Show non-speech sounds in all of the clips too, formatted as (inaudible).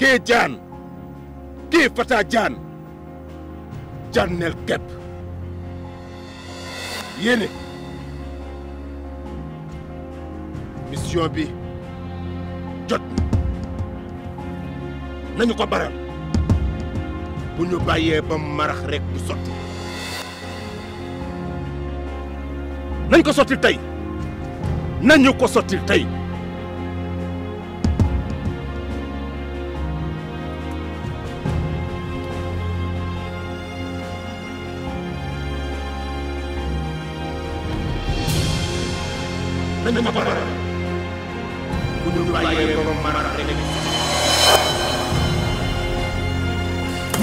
kii jaan kii fata jaan jànneel kepp yéene mission bi jot nañu ko baral bu ñu bàyyee ba marax rek bu sotti nañ ko sottil tey nañu ko sottil tey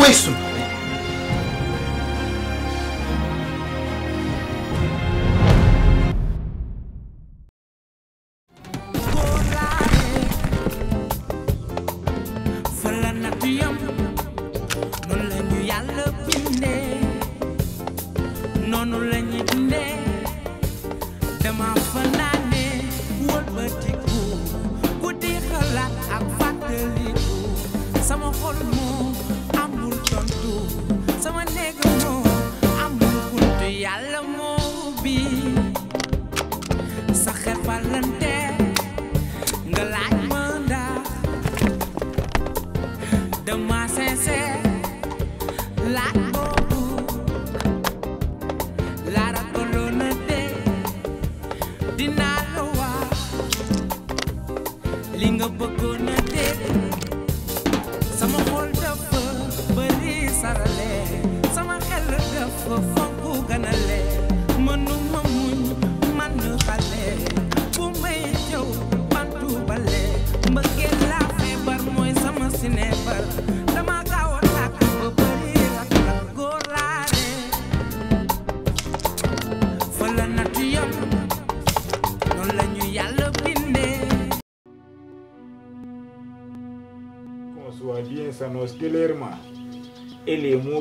yapamayız. black.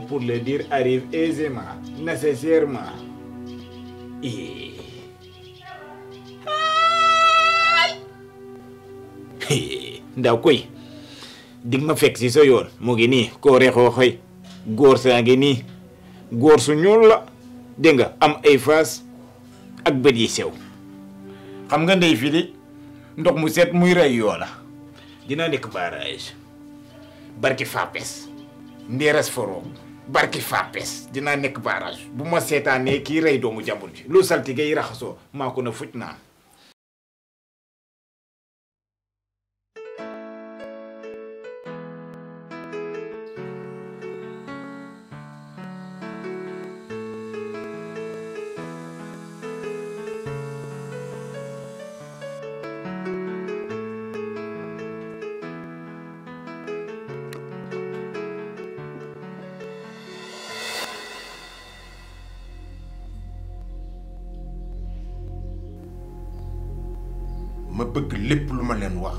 mots pour le dire arrivent aisément, nécessairement. Et... ndaw koy dig ma fekk si sa yoon mu ngi nii koo reexoo xëy góor saa ngi nii góor su ñuul la dégg am ay faas ak bët yi sew xam nga ndey fii ndox mu set muy rey yoo dina nekk barrage barki fapes ndeeras foroog barki Fapes dinaa nekk barrage bu ma seetaanee kii rey doomu jàmbur ji lu saltige yi raxasoo maa ko na fuj naa. bëgg lépp lu ma leen wax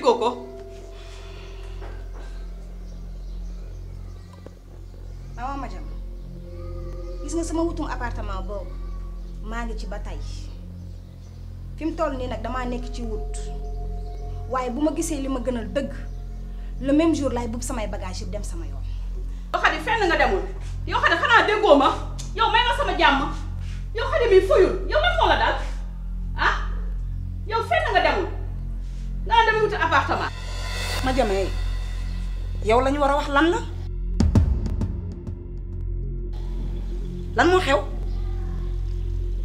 déggoo ko maman Madiam gis nga sama wutum appartement boobu maa ngi ci ba tey fi toll nii nag damaa nekk ci wut waaye bu ma gisee li ma gënal dëgg le même jour laay bub samay bagage yi dem sama yoon yoo xam fenn nga demul yoo xam xanaa déggoo ma yow may nga sama jàmm yoo xam ne fuyul yow lan moo daal Madiame yow la war a wax lan la lan moo xew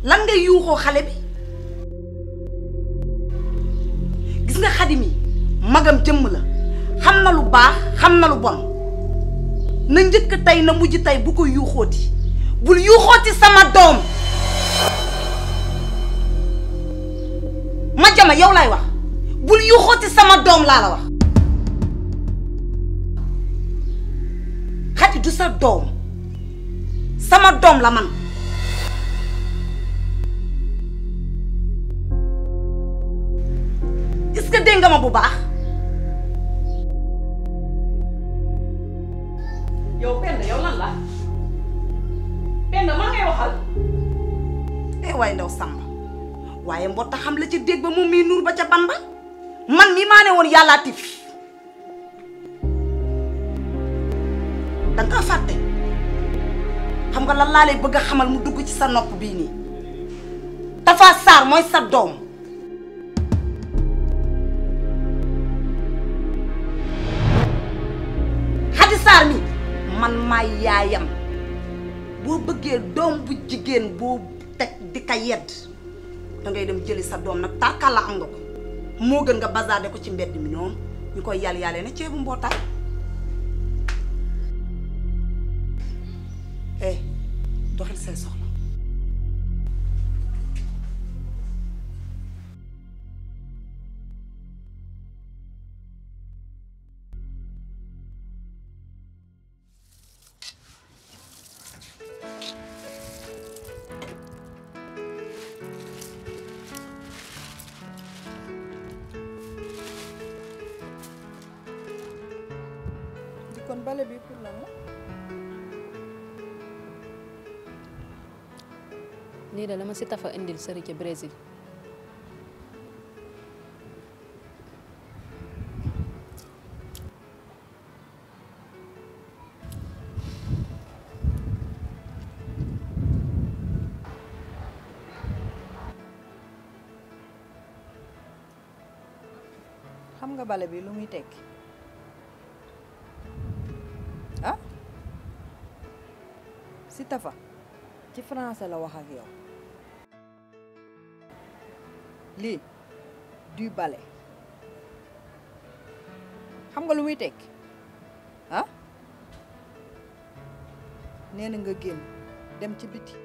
lan ngay yuuxoo xale bi gis nga xadim magam jëmm la xam na lu baax xam na lu bon na njëkk tey na mujj tey bu ko yuuxooti bul yuuxooti sama doom Madiame yow laay wax bul yuuxooti sama doom laa la wax Faty du sa doom sama doom la man est nga ma bu baax yow Penda yow lan la Penda man ngay waxal eh waaye ndaw Samba waaye mboota xam la ci dégg ba moom mii nuur ba ca ban ba man mii maa ne woon yàllaa tifi danga fàtte xam nga lan laa lay bëgg a xamal mu dugg ci sa nopp bii nii Tafa Sarr mooy sa doom Xadi Sarr mi man maay yaayam boo bëggee doom bu jigéen boo teg di ka yedd dangay dem jëli sa doom nag tarkal la am nga ko moo gën nga bazarde ko ci mbedd mi ñoom ñu koy yàlla yàlla ne ceebu mbootaay lii de la ma si tafa indil sëri ci Brésil xam nga bale bi lu muy tekki ah si ci français la wax ak yow du bale xam nga lu muy tekki ah nee na nga génn dem ci biti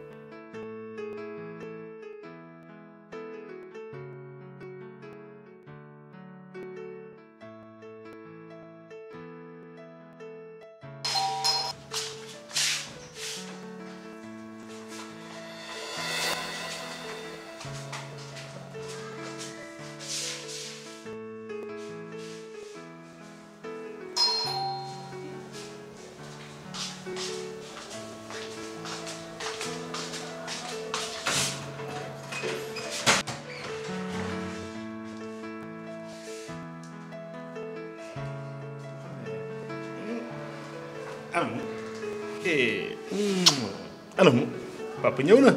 Ya, hmm? eh anam papa ñëw na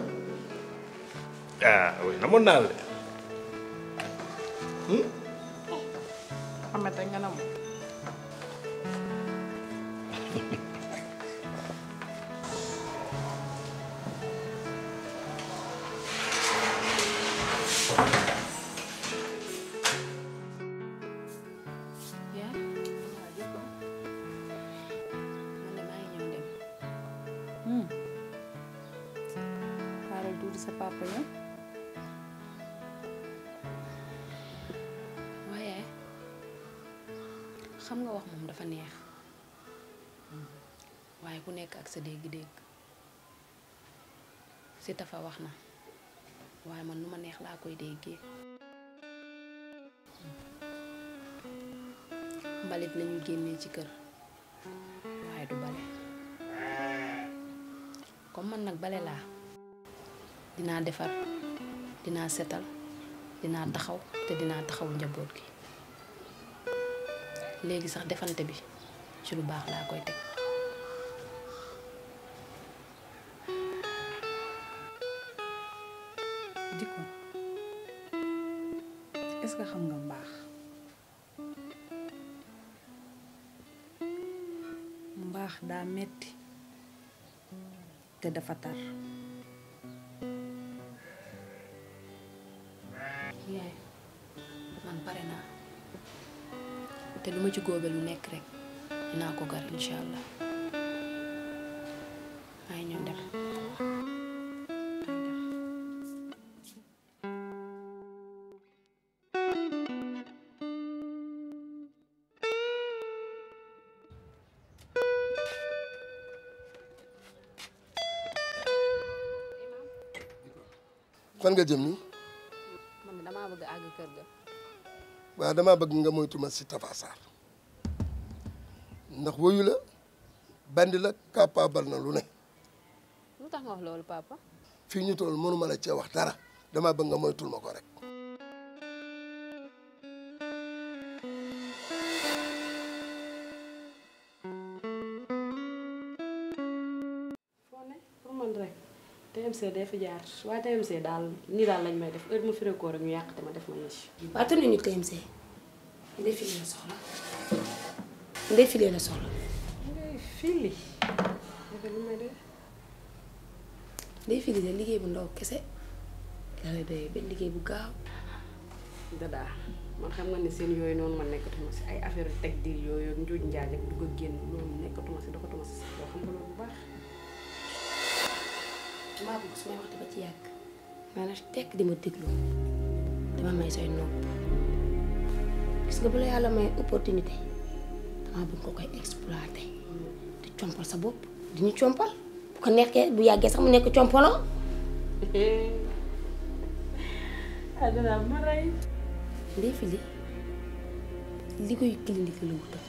ah oui namoon naa la de. xamante nga sa dégg-dégg si tafa wax na waaye man nu ma neex laa koy déggee mbalit lañu génnee ci kër waaye du bale comme man nag bale laa dinaa defar dinaa setal dinaa taxaw te dinaa taxaw njaboot gi léegi sax defante bi ci lu baax laa koy teg góobe lu nekk rek dinaa ko gar incha allah ay ñoo dem fan nga jëm nii. man damaa bëgg kër ga. waaw damaa bëgg nga moytu ma si ndax woyu la bandi la capable na lu ne. lutax nga wax lolou papa. fi ñu tol mënu ma la wax dara dama bëgg nga moytul mako rek. TMC day fi TMC dal, lañ def heure ko rek ñu def ma TMC. defi soxla. ndey la soxla. ndey fili. ndey fili liggéey bu ndaw kese la lay doyee benn liggéey bu gaaw. dadaa man xam nga ni seen yooyu noonu ma nekkatuma si ay affaire yu teg di yooyu ak njuuj njaaj ak dugg ak génn loolu nekkatuma si doxatuma si sax loo xam nga loolu bu baax. su may wax ba ci yàgg maanaam tekk di ma déglu dama may say nopp gis bu la yàlla may opportunité. maa bëgg nga koy exploité di compal sa bopp di ñu compal bu ko nekkee bu yàggee sax mu nekk compaloo. Oh. (laughs) ada maray. ndey fi li liggéeyu clinique la wutal.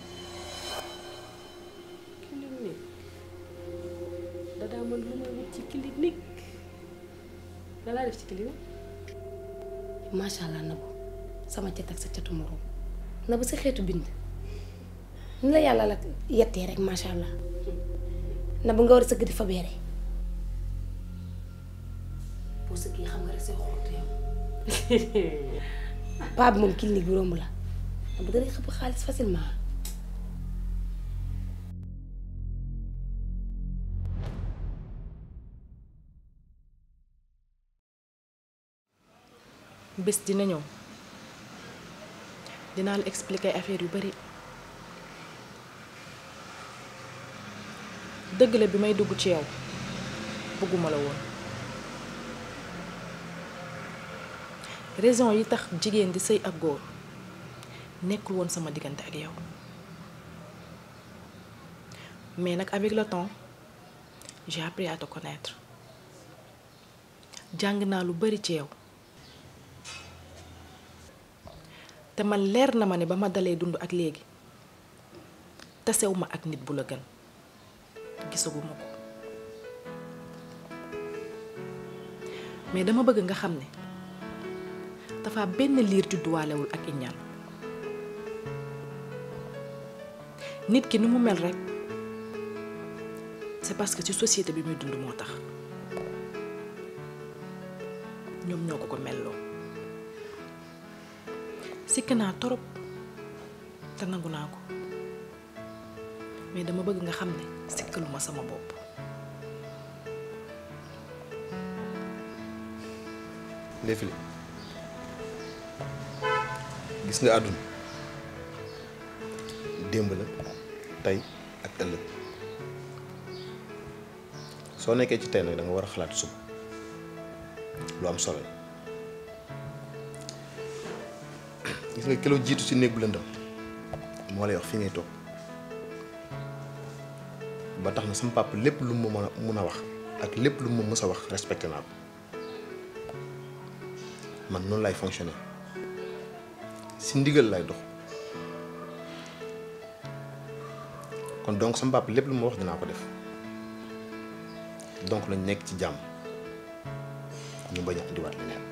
clinique dadaa mën lu wut ci clinique da laa def ci allah nabu sama cat ak sa catu morom nabu sa xeetu bind. ñu la yàlla la yettee rek macha allah na bu nga war a sëgg di fa beere boo sëggee xam nga rek say xorte yow (laughs) paa bi moom bi romb la na bu dara xëpp xaalis facilement bés dina ñëw dinaa la expliquer affaire yu bari dëgg la bi may dugg ci yow bëgguma la woon raison yi tax jigéen di sëy ak góor nekkul woon sama diggante ak yow mais nag avec le temps j'ai appris à jàng naa lu bari ci yow te man leer na ma ne ba ma dalee dund ak léegi tasew ma ak nit bu la gën gisaguma ko mais dama bëgg nga xam ne dafa benn liir judduwaalewul ak iñaan nit ki ni mu mel rekk c'est parce que ci société bi muy dund moo tax ñoom ñoo ko ko meloo sikk naa torop te nangu naa ko mais dama bëgg nga xam ne sikkaluma sama bopp Ndefli gis nga àdduna démb la tey ak ëllëg soo nekkee ci tey nag da nga war a xalaat suba lu am solo gis nga kilo jiitu ci néeg bu ndam moo lay wax fi ngay toog ba tax na sama papa lépp lu mu mën a wax ak lépp lu mu mës a wax respecté naa ko man noonu lay fonctionné si ndigal lay dox kon donc sama papa lépp lu mu wax dinaa ko def donc lañ nekk ci jàmm ñu bañ a andiwaat leneen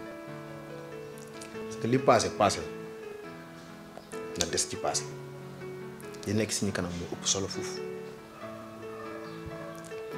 parce que li passé passé na des ci passé li nekk kanam moo ëpp solo foofu.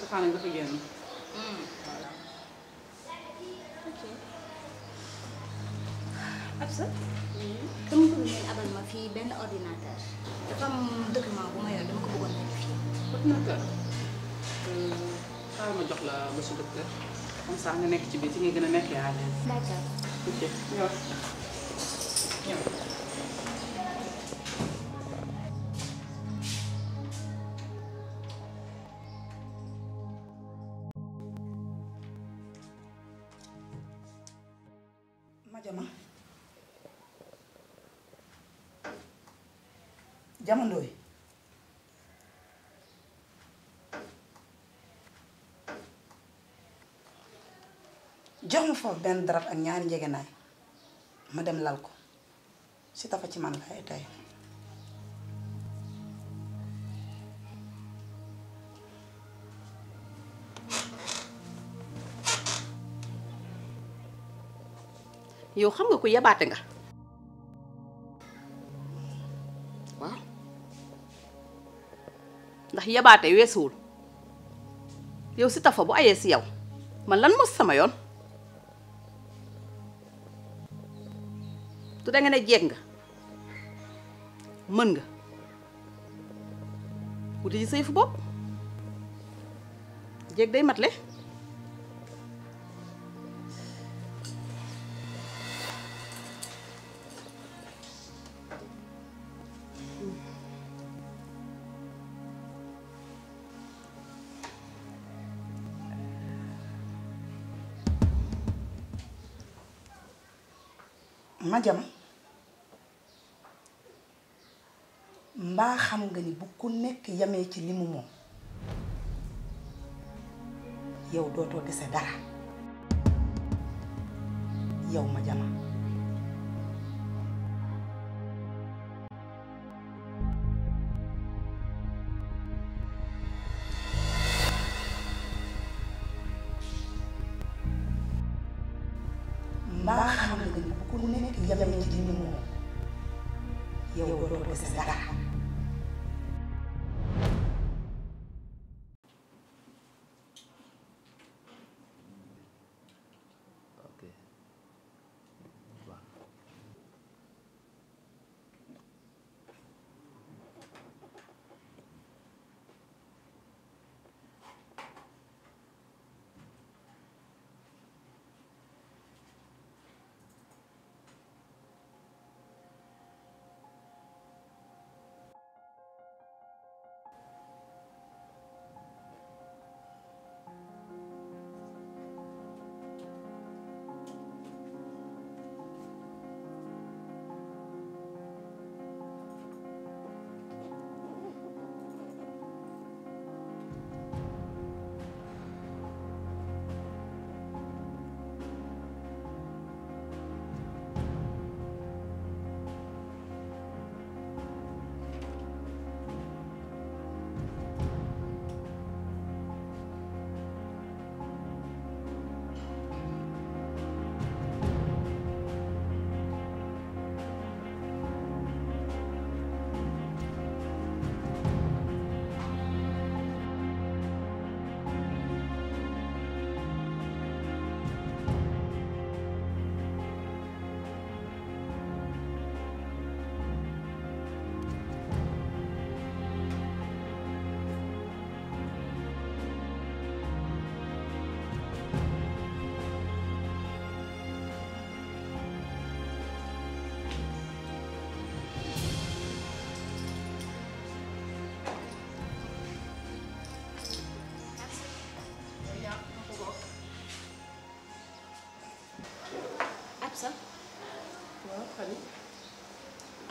safaana nga fa génn. voilà. ok. Absa. dama bëgg ngeen abal ma fii benn ordinateur. dafa am document bu ma yor dama ko bëggoon a fii. ordinateur. Euh, xaaral ma jox la monsieur docteur comme ça nga nekk ci biir ci gën a nekk à l'aise. d'accord. ok ñëw ñëw. jamandooy jox ma foofu benn darab ak ñaari njegenaay ma dem lal ko si tafa ci man laay tey yow xam nga ko yabaate nga ndax yabaate weesuwul yow si tafa bu ayee si yow man lan mos sama yoon du danga ne jeeg nga mën nga wuti ci sa yëfu bopp jeeg day matle Madiama mbaa xam nga ni bu ku nekk yamee ci li mu moom yow dootoo dese dara yow Madiama mbaa xam bu nekk yem ci li mu moom yow doo dese dara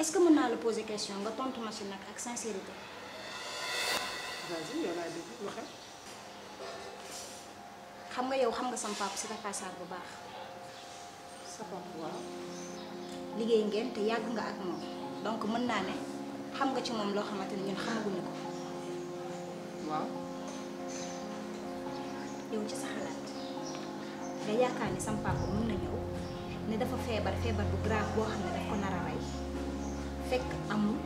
est-ce que mën naa la poser question nga tontu ma si nag ak sincérité. xam nga yow xam nga sama papa si Tafasaar bu baax. sa papa waaw. liggéey ngeen te yàgg nga ak moom donc mën naa ne xam nga ci moom loo xamante ne ñun xamaguñu ko. waaw. yow ci sa xalaat nga yaakaar ni sama papa na ñëw ne dafa feebar feebar bu grave boo xam ne daf ko nar a fekk amul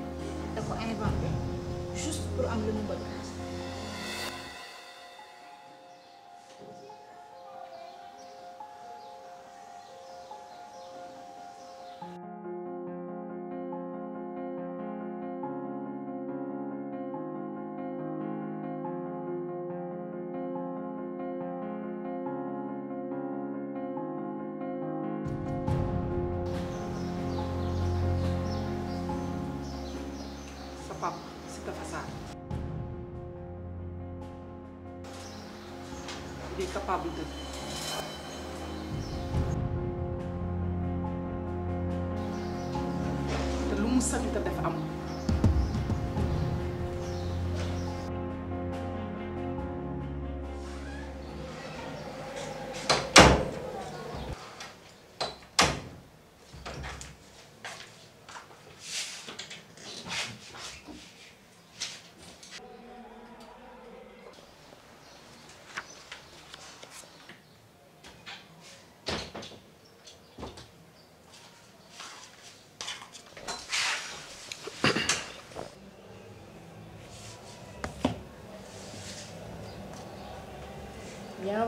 da ko inventé juste pour am lu mu bëgg. tu es capable de. te lu mu sañu te def am.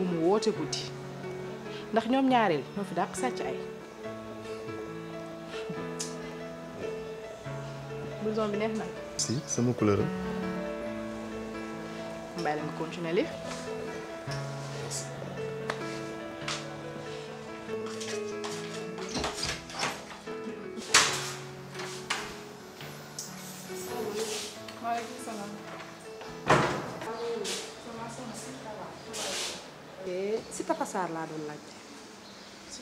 bu mu woote guddi ndax ñoom ñaareel ñoo fi dàq sàcc ay blouson bi neex na si sama couleur mbay la nga continuer li tafasaar laa doon laaj. si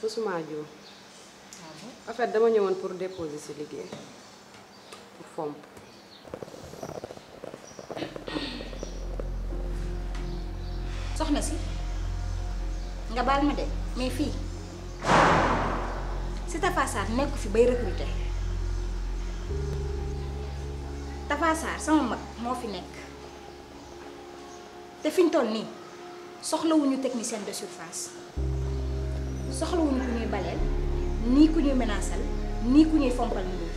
soxna si. Ah fait dama ñëwoon pour déposer si liggéey pour fomp. soxna si nga baal ma de mais fii si tafasaar nekk fi bay recruter. Papa Sarr sama mag moo fi nekk te fi ñu toll nii soxlawuñu technicien de surface soxlawuñu ku ñuy baleel nii ku ñuy menaasal nii ku ñuy fompal nii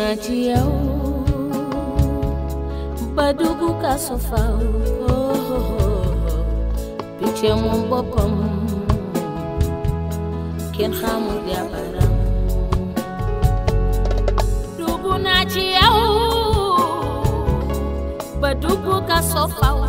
natia o badugu kasofa o oh, oh, oh. piche mu boppam kenn xamul jabaram dugu naa ci yow ba dugu o